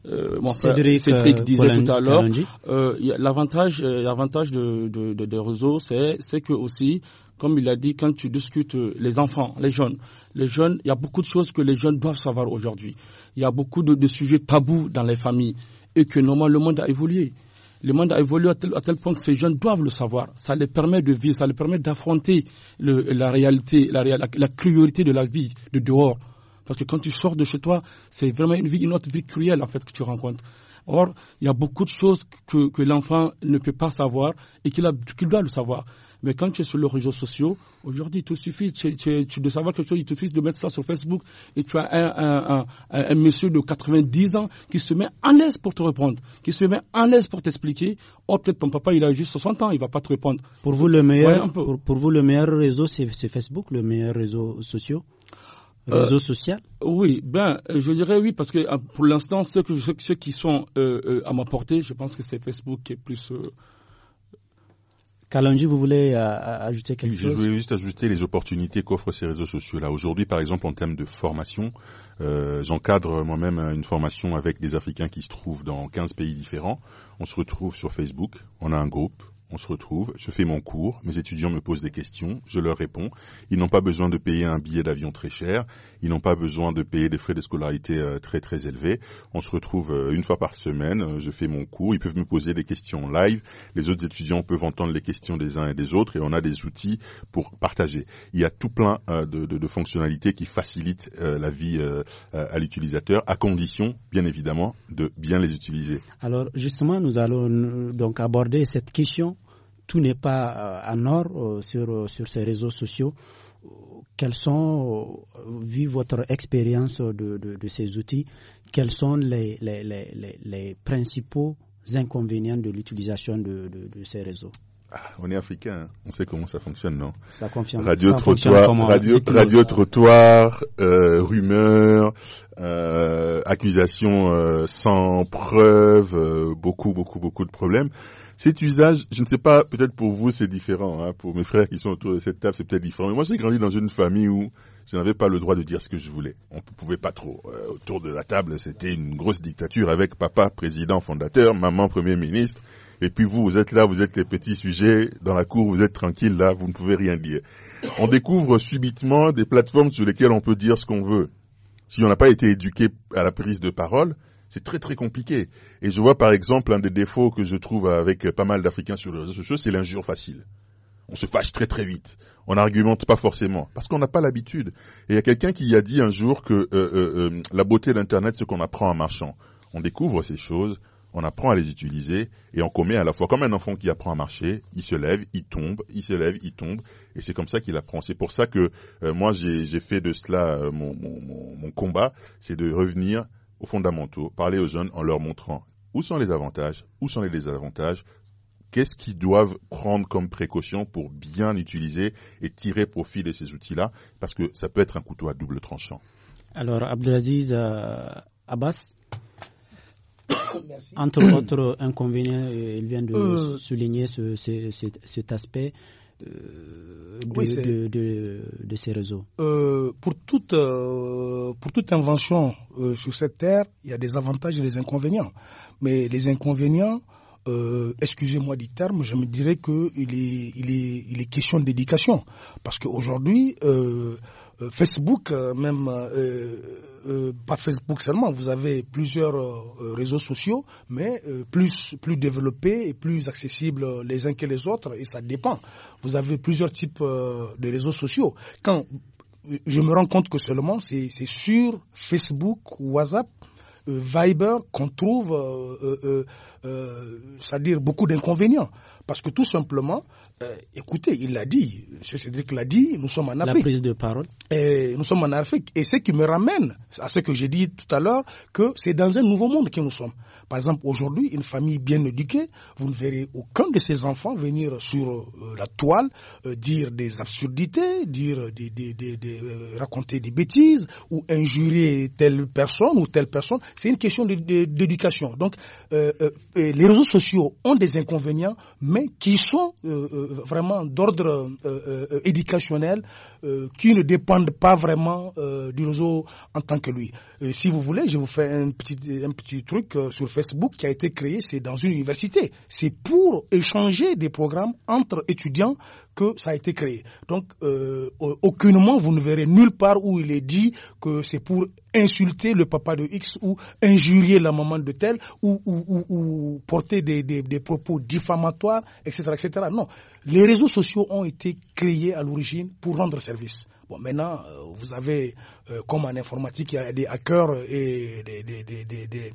Euh, Cédric, euh, disait tout à l'heure. Euh, l'avantage, l'avantage de, de, de, des réseaux, c'est que aussi comme il a dit, quand tu discutes euh, les enfants, les jeunes, les jeunes, il y a beaucoup de choses que les jeunes doivent savoir aujourd'hui. Il y a beaucoup de, sujets tabous dans les familles et que normalement le monde a évolué. Le monde a évolué à tel, point que ces jeunes doivent le savoir. Ça les permet de vivre, ça les permet d'affronter la réalité, la, la, cruauté de la vie de dehors. Parce que quand tu sors de chez toi, c'est vraiment une vie, une autre vie cruelle en fait que tu rencontres. Or, il y a beaucoup de choses que, l'enfant ne peut pas savoir et qu'il doit le savoir. Mais quand tu es sur les réseaux sociaux, aujourd'hui, il te suffit tu, de savoir quelque chose, il te suffit de mettre ça sur Facebook et tu as un, monsieur de 90 ans qui se met à l'aise pour te répondre, qui se met à l'aise pour t'expliquer. Oh, peut-être ton papa, il a juste 60 ans, il va pas te répondre. Pour vous, le meilleur, pour, vous, le meilleur réseau, c'est Facebook, le meilleur euh, réseau social Oui, ben, je dirais oui, parce que euh, pour l'instant, ceux, qui sont euh, à ma portée, je pense que c'est Facebook qui est plus Kalonji, vous voulez euh, euh, ajouter quelque chose Je voulais juste ajouter les opportunités qu'offrent ces réseaux sociaux-là. Aujourd'hui, par exemple, en termes de formation, euh, j'encadre moi-même une formation avec des Africains qui se trouvent dans 15 pays différents. On se retrouve sur Facebook, on a un groupe, on se retrouve, je fais mon cours, mes étudiants me posent des questions, je leur réponds. Ils n'ont pas besoin de payer un billet d'avion très cher, ils n'ont pas besoin de payer des frais de scolarité euh, très très élevés. On se retrouve euh, une fois par semaine, euh, je fais mon cours, ils peuvent me poser des questions live, les autres étudiants peuvent entendre les questions des uns et des autres et on a des outils pour partager. Il y a tout plein de, de fonctionnalités qui facilitent la vie à l'utilisateur, à condition, bien évidemment, de bien les utiliser. Alors justement, nous allons donc aborder cette question tout n'est pas en euh, or euh, euh, sur, ces réseaux sociaux. Quelles sont, vu votre expérience de, ces outils, quels sont les, les, les, principaux inconvénients de l'utilisation de, ces réseaux ah, on est africain, hein. on sait comment ça fonctionne, non Ça Radio trottoir, radio, trottoir, rumeurs, accusations sans preuve, beaucoup, beaucoup, beaucoup de problèmes. Cet usage, je ne sais pas, peut-être pour vous c'est différent, hein. pour mes frères qui sont autour de cette table c'est peut-être différent, mais moi j'ai grandi dans une famille où je n'avais pas le droit de dire ce que je voulais. On ne pouvait pas trop. Euh, autour de la table, c'était une grosse dictature avec papa président fondateur, maman premier ministre, et puis vous, vous êtes là, vous êtes les petits sujets, dans la cour, vous êtes tranquille là, vous ne pouvez rien dire. On découvre subitement des plateformes sur lesquelles on peut dire ce qu'on veut. Si on n'a pas été éduqué à la prise de parole, c'est très très compliqué. Et je vois par exemple un des défauts que je trouve avec pas mal d'Africains sur les réseaux sociaux, c'est l'injure facile. On se fâche très très vite. On n'argumente pas forcément parce qu'on n'a pas l'habitude. Et il y a quelqu'un qui a dit un jour que euh, euh, euh, la beauté d'Internet, c'est qu'on apprend en marchant. On découvre ces choses, on apprend à les utiliser et on commet à la fois comme un enfant qui apprend à marcher, il se lève, il tombe, il se lève, il tombe et c'est comme ça qu'il apprend. C'est pour ça que moi j'ai fait de cela mon, mon, mon, combat, c'est de revenir aux fondamentaux, parler aux jeunes en leur montrant où sont les avantages, où sont les désavantages, qu'est-ce qu'ils doivent prendre comme précaution pour bien utiliser et tirer profit de ces outils-là, parce que ça peut être un couteau à double tranchant. Alors, Abdelaziz euh, Abbas, [coughs] entre autres inconvénients, euh, il vient de euh. souligner cet aspect de, ces réseaux euh, euh, pour, toute, invention euh, sur cette terre, il y a des avantages et des inconvénients. Mais les inconvénients, euh, excusez-moi du terme, je me dirais qu'il est, il est, il est question d'éducation. Parce qu'aujourd'hui, euh, euh, Facebook, euh, même, pas Facebook seulement, vous avez plusieurs réseaux sociaux, mais plus, plus développés et plus accessibles les uns que les autres, et ça dépend. Vous avez plusieurs types de réseaux sociaux. Quand je me rends compte que seulement c'est sur Facebook, WhatsApp, Viber qu'on trouve, euh, euh, euh, c'est-à-dire beaucoup d'inconvénients. Parce que tout simplement, euh, écoutez, il l'a dit, M. Cédric l'a dit, nous sommes en Afrique. La prise de parole. Et nous sommes en Afrique. Et ce qui me ramène à ce que j'ai dit tout à l'heure, que c'est dans un nouveau monde que nous sommes. Par exemple, aujourd'hui, une famille bien éduquée, vous ne verrez aucun de ses enfants venir sur euh, la toile euh, dire des absurdités, dire des, des, des, raconter des bêtises ou injurer telle personne ou telle personne. C'est une question d'éducation. Donc, les réseaux sociaux ont des inconvénients, mais qui sont euh, euh, vraiment d'ordre euh, éducationnel, qui ne dépendent pas vraiment du réseau en tant que lui. si vous voulez, je vous fais un petit truc sur Facebook qui a été créé, c'est dans une université. C'est pour échanger des programmes entre étudiants que ça a été créé. Donc, euh, aucunement, vous ne verrez nulle part où il est dit que c'est pour insulter le papa de X ou injurier la maman de tel ou, ou, ou, porter des, des, propos diffamatoires, etc., etc. Non, les réseaux sociaux ont été créés à l'origine pour rendre service. Bon, maintenant, euh, vous avez, euh, comme en informatique, il y a des hackers et des, des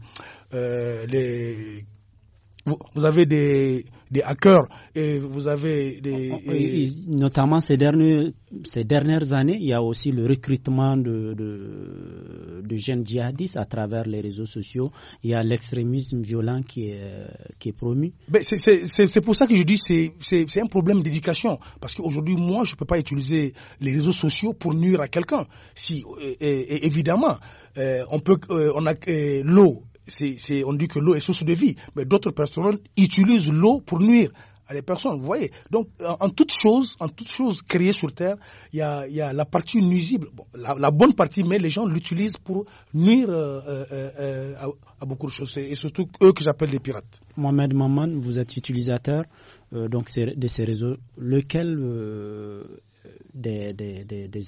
euh, les, vous avez des des hackers. Et vous avez des. Oh, oh, notamment ces, derniers, ces dernières années, il y a aussi le recrutement de, de, jeunes djihadistes à travers les réseaux sociaux. Il y a l'extrémisme violent qui est, qui est promu. C'est pour ça que je dis que c'est un problème d'éducation. Parce qu'aujourd'hui, moi, je ne peux pas utiliser les réseaux sociaux pour nuire à quelqu'un. Si, euh, évidemment, euh, on peut, euh, on a l'eau c'est, on dit que l'eau est source de vie, mais d'autres personnes utilisent l'eau pour nuire à des personnes, vous voyez. Donc, en, toute chose, en toute chose créée sur Terre, il y a, la partie nuisible, la, bonne partie, mais les gens l'utilisent pour nuire euh, euh, euh, à, beaucoup de choses, et surtout eux que j'appelle les pirates. Mohamed Maman, vous êtes utilisateur de ces réseaux. Lequel des,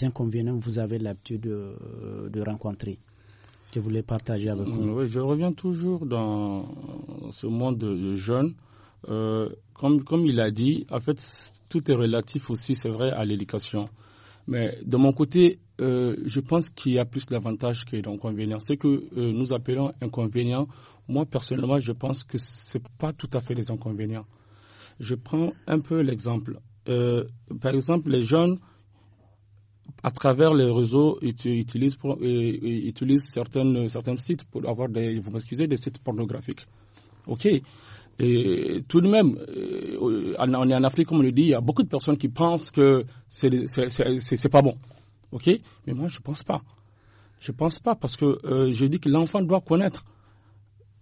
inconvénients vous avez l'habitude de rencontrer que voulais partager avec nous euh, je reviens toujours dans ce monde de jeunes. Euh, comme, comme il a dit, en fait, tout est relatif aussi, c'est vrai, à l'éducation. Mais de mon côté, euh, je pense qu'il y a plus d'avantages que d'inconvénients. Ce que nous appelons inconvénients, moi personnellement, je pense que ce n'est pas tout à fait des inconvénients. Je prends un peu l'exemple. par exemple, les jeunes, à travers les réseaux, utilisent, euh, utilisent certains sites pour avoir des, vous m'excusez, des sites pornographiques. OK et tout de même, on euh, est en Afrique, comme on le dit, il y a beaucoup de personnes qui pensent que c'est pas bon. OK Mais moi, je ne pense pas. Je pense pas parce que euh, je dis que l'enfant doit connaître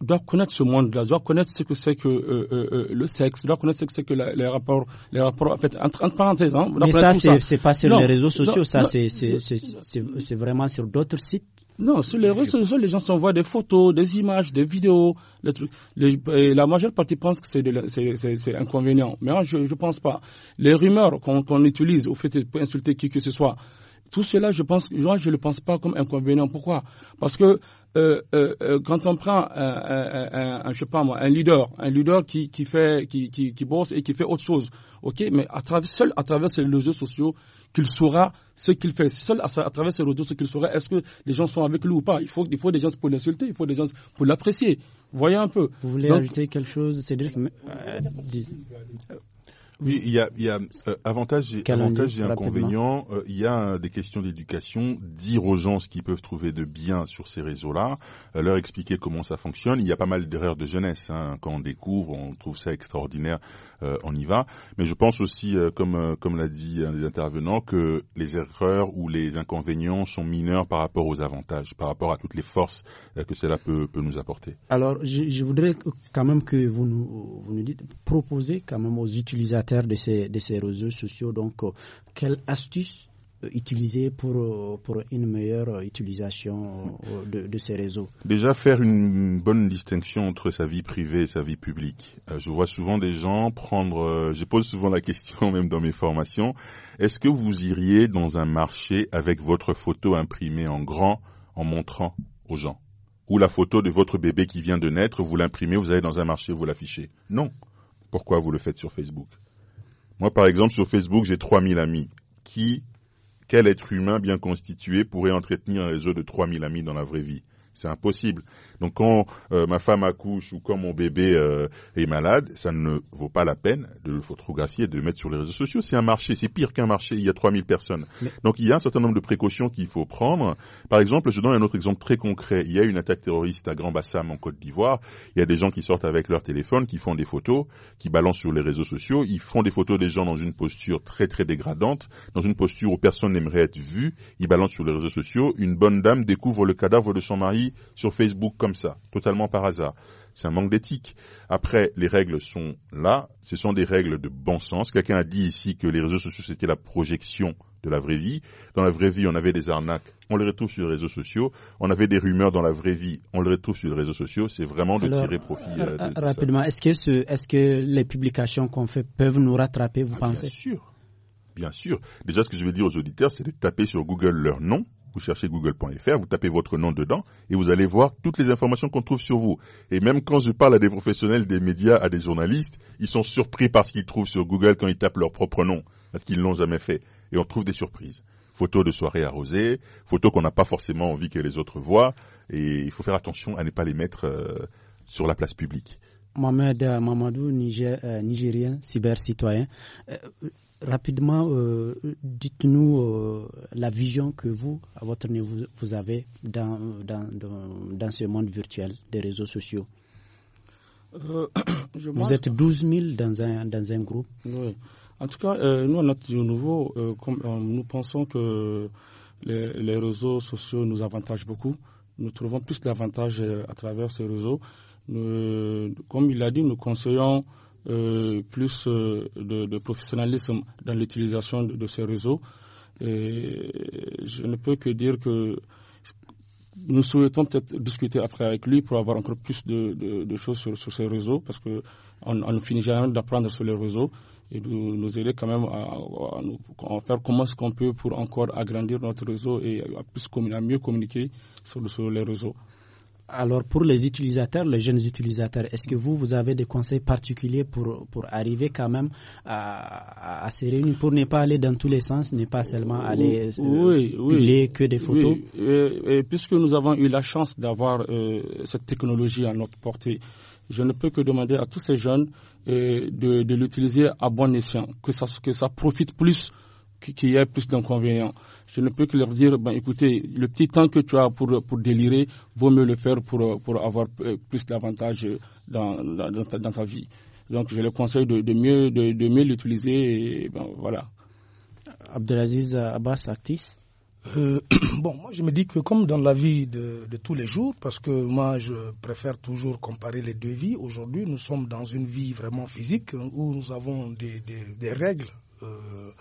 doit connaître ce monde-là, doit connaître ce que c'est que euh, euh, euh, le sexe, doit connaître ce que c'est que les rapports, les rapports en fait entre, parenthèses. Hein, Mais ça, c'est pas sur les réseaux sociaux, ça, c'est vraiment sur d'autres sites. Non, sur les réseaux sociaux, les gens s'envoient des photos, des images, des vidéos, la majeure partie pense que c'est inconvénient. Mais moi je ne pense pas. Les rumeurs qu'on utilise au fait pour insulter qui que ce soit. Tout cela, je pense, moi, je ne le pense pas comme inconvénient. Pourquoi Parce que euh, euh, euh quand on prend un, un, je sais pas moi, un leader, un leader qui, qui fait, qui, qui, bosse et qui fait autre chose, ok, mais à travers, seul à travers ces réseaux sociaux, qu'il saura ce qu'il fait, seul à, travers ses réseaux sociaux, qu'il saura est-ce que les gens sont avec lui ou pas. Il faut, il faut des gens pour l'insulter, il faut des gens pour l'apprécier. Voyez un peu. Vous voulez ajouter quelque chose, Cédric euh, oui, il y a, il y a euh, avantages et, inconvénients. Hein. Euh, il y a euh, des questions d'éducation, dire aux gens ce qu'ils peuvent trouver de bien sur ces réseaux-là, leur expliquer comment ça fonctionne. Il y a pas mal d'erreurs de jeunesse. Hein. Quand on découvre, on trouve ça extraordinaire, on y va. Mais je pense aussi, comme, comme l'a dit un des intervenants, que les erreurs ou les inconvénients sont mineurs par rapport aux avantages, par rapport à toutes les forces que cela peut, peut nous apporter. Alors, je, je, voudrais quand même que vous nous, vous nous dites, proposer quand même aux utilisateurs de ces, réseaux sociaux. Donc, euh, quelle astuce euh, utiliser euh, pour, une meilleure utilisation de, ces réseaux Déjà faire une bonne distinction entre sa vie privée et sa vie publique. je vois souvent des gens prendre, je pose souvent la question [laughs] même dans mes formations, est-ce que vous iriez dans un marché avec votre photo imprimée en grand en montrant aux gens Ou la photo de votre bébé qui vient de naître, vous l'imprimez, vous allez dans un marché, vous l'affichez Non. Pourquoi vous le faites sur Facebook moi, par exemple, sur Facebook, j'ai 3000 amis. Qui, quel être humain bien constitué pourrait entretenir un réseau de 3000 amis dans la vraie vie c'est impossible. Donc quand euh, ma femme accouche ou quand mon bébé euh, est malade, ça ne vaut pas la peine de le photographier de le mettre sur les réseaux sociaux. C'est un marché, c'est pire qu'un marché, il y a 3000 personnes. Donc il y a un certain nombre de précautions qu'il faut prendre. Par exemple, je donne un autre exemple très concret. Il y a une attaque terroriste à Grand Bassam en Côte d'Ivoire. Il y a des gens qui sortent avec leur téléphone, qui font des photos, qui balancent sur les réseaux sociaux. Ils font des photos des gens dans une posture très très dégradante, dans une posture où personne n'aimerait être vu. Ils balancent sur les réseaux sociaux. Une bonne dame découvre le cadavre de son mari sur Facebook comme ça, totalement par hasard. C'est un manque d'éthique. Après, les règles sont là. Ce sont des règles de bon sens. Quelqu'un a dit ici que les réseaux sociaux, c'était la projection de la vraie vie. Dans la vraie vie, on avait des arnaques. On les retrouve sur les réseaux sociaux. On avait des rumeurs dans la vraie vie. On les retrouve sur les réseaux sociaux. C'est vraiment de tirer profit. Euh, euh, rapidement, est-ce que, les publications qu'on fait peuvent nous rattraper, vous ah, pensez Bien sûr. Bien sûr. Déjà, ce que je vais dire aux auditeurs, c'est de taper sur Google leur nom vous cherchez google.fr, vous tapez votre nom dedans et vous allez voir toutes les informations qu'on trouve sur vous. Et même quand je parle à des professionnels des médias, à des journalistes, ils sont surpris par ce qu'ils trouvent sur Google quand ils tapent leur propre nom, parce qu'ils ne l'ont jamais fait. Et on trouve des surprises. Photos de soirées arrosées, photos qu'on n'a pas forcément envie que les autres voient, et il faut faire attention à ne pas les mettre euh, sur la place publique. Mohamed euh, Mamadou, euh, Nigérien, cyber-citoyen. Euh, rapidement, dites-nous la vision que vous, à votre niveau, vous avez dans, ce monde virtuel des réseaux sociaux. [coughs] vous êtes 12 000 dans un, dans un groupe. En tout cas, nous, à notre niveau, nous pensons que les, réseaux sociaux nous avantagent beaucoup nous trouvons plus d'avantages euh, à travers ces réseaux. comme il l'a dit, nous conseillons euh, plus euh, de, professionnalisme dans l'utilisation de, ces réseaux. je ne peux que dire que nous souhaitons peut-être discuter après avec lui pour avoir encore plus de, choses sur, ces réseaux parce qu'on ne finit jamais d'apprendre sur les réseaux et nous aider quand même à, faire comment ce qu'on peut pour encore agrandir notre réseau et à, plus, à mieux communiquer sur, sur, les réseaux. Alors pour les utilisateurs, les jeunes utilisateurs, est-ce que vous, vous avez des conseils particuliers pour, pour arriver quand même à, à réunions, pour ne pas aller dans tous les sens, ne pas seulement aller euh, publier que des photos oui. puisque nous avons eu la chance d'avoir euh, cette technologie à notre portée, je ne peux que demander à tous ces jeunes euh, de, l'utiliser à bon escient, que ça, que ça profite plus qu'il y ait plus d'inconvénients. Je ne peux que leur dire, ben, écoutez, le petit temps que tu as pour, délirer, vaut mieux le faire pour, avoir euh, plus d'avantages dans, ta vie. Donc, je les conseille de, mieux, de, mieux l'utiliser. Et, ben, voilà. Abdelaziz Abbas Actis. Euh, [clears throat] bon, moi je me dis que comme dans la vie de, de, tous les jours, parce que moi je préfère toujours comparer les deux vies, aujourd'hui nous sommes dans une vie vraiment physique hein, où nous avons des, des, des règles, euh,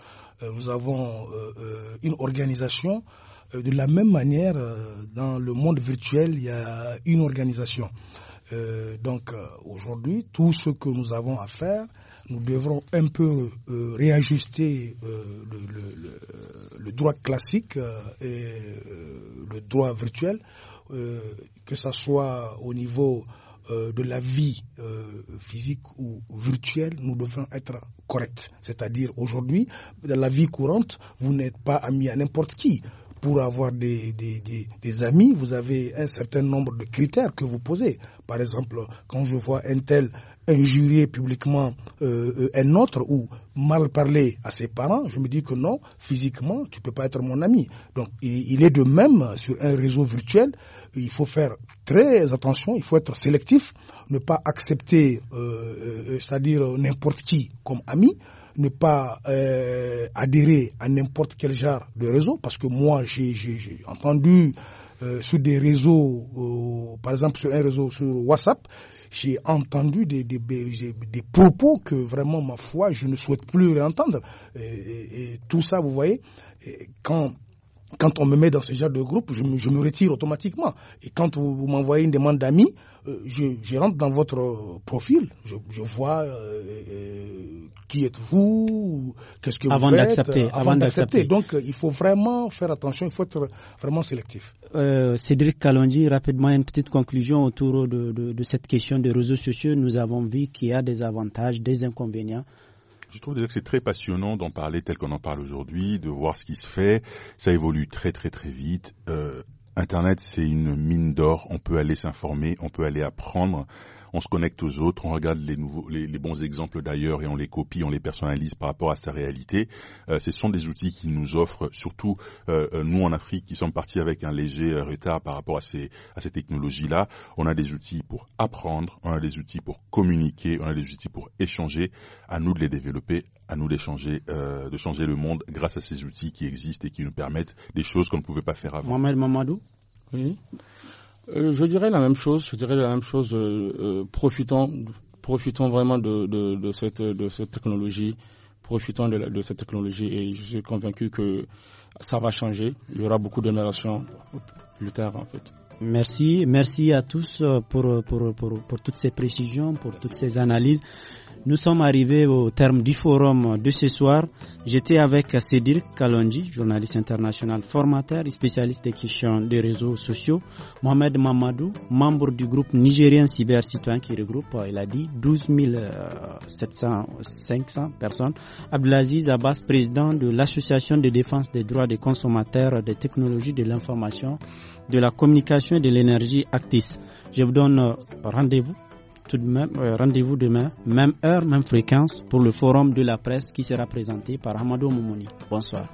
euh nous avons euh, euh une organisation. De la même manière, dans le monde virtuel, il y a une organisation. donc aujourd'hui, tout ce que nous avons à faire, nous devrons un peu euh, réajuster euh, le, droit classique euh, et le droit virtuel, que ce soit au niveau de la vie physique ou virtuelle, nous devons être corrects. C'est-à-dire aujourd'hui, dans la vie courante, vous n'êtes pas amis à n'importe qui pour avoir des, des, des, des, amis, vous avez un certain nombre de critères que vous posez. Par exemple, quand je vois un tel injurier publiquement euh, euh un autre ou mal parler à ses parents, je me dis que non, physiquement, tu peux pas être mon ami. Donc, il, est de même sur un réseau virtuel. Il faut faire très attention, il faut être sélectif, ne pas accepter, euh, euh c'est-à-dire euh, n'importe qui comme ami ne pas euh, adhérer à n'importe quel genre de réseau, parce que moi, j'ai entendu euh, sur des réseaux, euh, par exemple sur un réseau sur WhatsApp, j'ai entendu des, des, des, propos que vraiment, ma foi, je ne souhaite plus réentendre. Et, et, tout ça, vous voyez, quand quand on me met dans ce genre de groupe, je me, je me retire automatiquement. Et quand vous, vous m'envoyez une demande d'amis, euh, je, rentre dans votre euh, profil, je, vois euh, qui êtes-vous, qu'est-ce que vous faites. D'accepter, avant, d'accepter. Donc il faut vraiment faire attention, il faut être vraiment sélectif. Cédric Kalonji, rapidement une petite conclusion autour de, cette question des réseaux sociaux. Nous avons vu qu'il y a des avantages, des inconvénients. Je trouve déjà que c'est très passionnant d'en parler tel qu'on en parle aujourd'hui, de voir ce qui se fait. Ça évolue très très très vite. Internet, c'est une mine d'or. On peut aller s'informer, on peut aller apprendre, on se connecte aux autres, on regarde les, bons exemples d'ailleurs et on les copie, on les personnalise par rapport à sa réalité. Euh, ce sont des outils qui nous offrent, surtout euh, euh, nous en Afrique, qui sommes partis avec un léger retard par rapport à ces, technologies-là. On a des outils pour apprendre, on a des outils pour communiquer, on a des outils pour échanger. À nous de les développer, à nous d'échanger, euh, de changer le monde grâce à ces outils qui existent et qui nous permettent des choses qu'on ne pouvait pas faire avant. Mohamed Mamadou. Euh, je dirais la même chose. Je dirais la même chose. Euh, euh, profitons, vraiment de, cette, technologie. Profitons de, cette technologie et je suis convaincu que ça va changer. Il y aura beaucoup d'améliorations plus tard, en fait. Merci, merci à tous pour, toutes ces précisions, pour toutes ces analyses. Nous sommes arrivés au terme du forum de ce soir. J'étais avec Cédric Kalonji, journaliste international, formateur et spécialiste des questions des réseaux sociaux. Mohamed Mamadou, membre du groupe nigérien cyber citoyen qui regroupe, euh, il a dit, 12 700, 500 personnes. Abdelaziz Abbas, président de l'Association de défense des droits des consommateurs des technologies de l'information, de la communication et de l'énergie Actis. Je vous donne euh, rendez-vous tout de même euh, rendez-vous demain, même heure, même fréquence, pour le forum de la presse qui sera présenté par Amadou Momoni. Bonsoir.